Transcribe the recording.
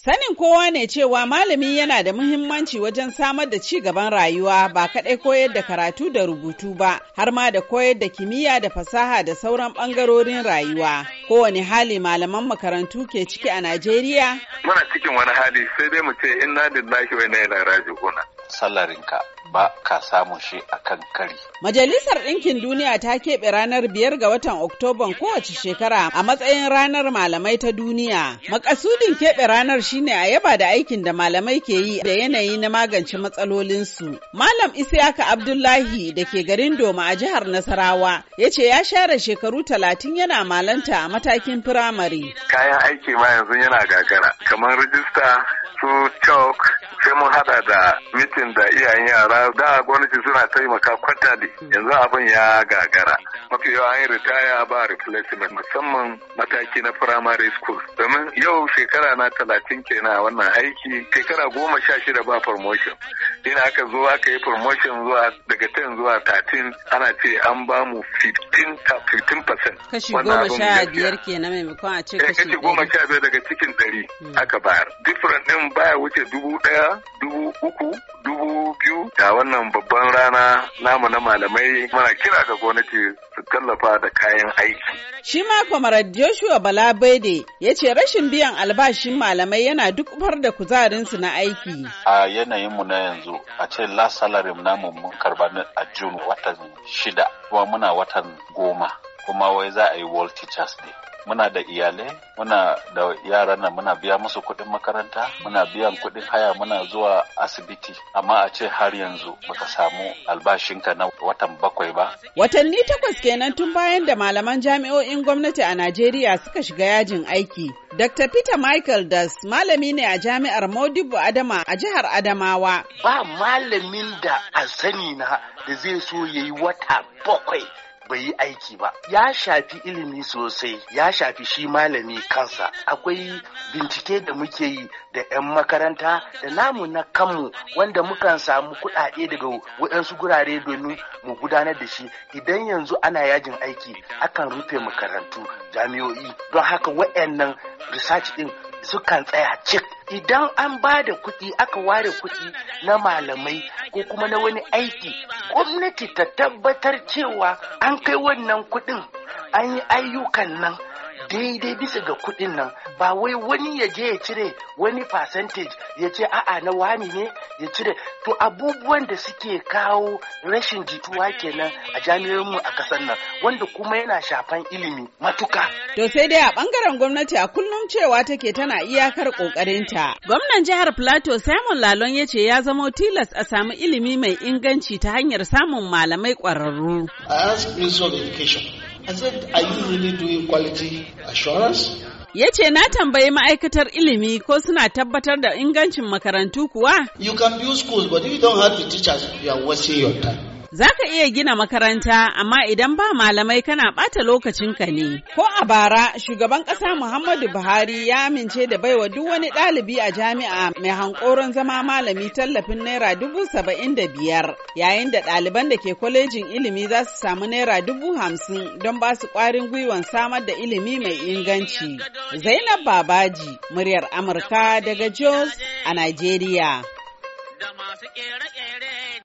Sanin kowa ne cewa malami yana da muhimmanci wajen samar da ci gaban rayuwa ba kaɗai koyar da karatu da rubutu ba, har ma da koyar da kimiyya da fasaha da sauran ɓangarorin rayuwa. Kowane hali malaman makarantu ke ciki a Najeriya? Muna cikin wani hali sai dai mu ce da lillahi wa yana rajin raji'un. Sallarinka ba ka samun shi a kan kari. Majalisar Ɗinkin Duniya ta keɓe ranar biyar ga watan Oktoban kowace shekara a matsayin ranar malamai ta duniya. Makasudin keɓe ranar shine a yaba da aikin da malamai ke yi da yanayi na magance matsalolinsu. Malam Isiyaka Abdullahi da ke garin Doma a jihar Nasarawa ya ce ya share shekaru talatin yana malanta a matakin firamare. Kayan aiki ma yanzu yana gagara kamar rijista su chalk sai mun hada da mitin da iyayen yara da gwamnati suna taimaka kwata da yanzu abin ya gagara mafi yawa an yi ritaya ba replacement musamman mataki na primary school domin yau shekara na talatin kenan wannan aiki shekara goma sha shida ba promotion ina aka zo aka yi promotion zuwa daga ten zuwa 13 ana ce an ba mu 15% kashi goma sha biyar kenan maimakon a ce eh, kashi goma sha biyar daga cikin ɗari hmm. aka bayar different ɗin baya wuce dubu ɗaya dubu uku dubu a wannan babban rana namu na malamai muna kira ga gwamnati su tallafa da kayan aiki. Shi ma kwamarar Joshua Bede ya ce rashin biyan albashin malamai yana duk da kuzarinsu na aiki. A yanayinmu na yanzu a ce last salary namu mun karba a June watan shida kuma muna watan goma. kuma wai za a yi world teachers day muna da iyalai muna da yaran nan muna biya musu kuɗin makaranta muna biyan kuɗin haya muna zuwa asibiti amma a ce har yanzu baka samu albashinka na watan bakwai ba watanni takwas kenan tun bayan da malaman jami'o'in gwamnati a najeriya suka shiga yajin aiki dr peter michael das malami ne a jami'ar modibo adama a jihar adamawa ba malamin da a sani na da zai so ya yi wata bakwai bai yi aiki ba ya shafi ilimi sosai ya shafi shi malami kansa akwai bincike da muke yi da 'yan makaranta da namu na kanmu wanda mukan samu kuɗaɗe daga waɗansu gurare domin mu gudanar da shi idan yanzu ana yajin aiki akan rufe makarantu jami'o'i don haka waɗannan research ɗin sukan tsaya cik idan an ba da kuɗi aka ware kuɗi na malamai ko kuma na wani aiki gwamnati ta tabbatar cewa an kai wannan kuɗin an yi ayyukan nan daidai bisa ga kuɗin nan ba wai wani ya je ya cire wani percentage ya ce a'a na wani ne ya cire to abubuwan da suke kawo rashin jituwa kenan a mu a kasar nan wanda kuma yana shafan ilimi matuka. To sai dai a bangaren gwamnati a kullum cewa take tana iyakar ƙoƙarinta. Gwamnan jihar Plateau Simon Lalon ya ce ya zama tilas a samu ilimi mai inganci ta hanyar samun malamai kwararru. I ask of Education assurance? ya ce na tambayi ma'aikatar ilimi ko suna tabbatar da ingancin makarantu kuwa. You can build schools but if you don't have the teachers you are wasting your time. Za ka iya gina makaranta amma idan ba malamai kana ɓata ka ne. Ko a bara shugaban ƙasa Muhammadu Buhari ya amince da baiwa duk wani ɗalibi a jami'a mai hankoron zama malami tallafin naira dubu saba'in da biyar yayin da ɗaliban da ke kwalejin ilimi za su samu naira dubu hamsin don ba su ƙwarin gwiwan samar da ilimi mai inganci. Zainab Babaji, muryar Amurka daga Jos a Najeriya. da masu kere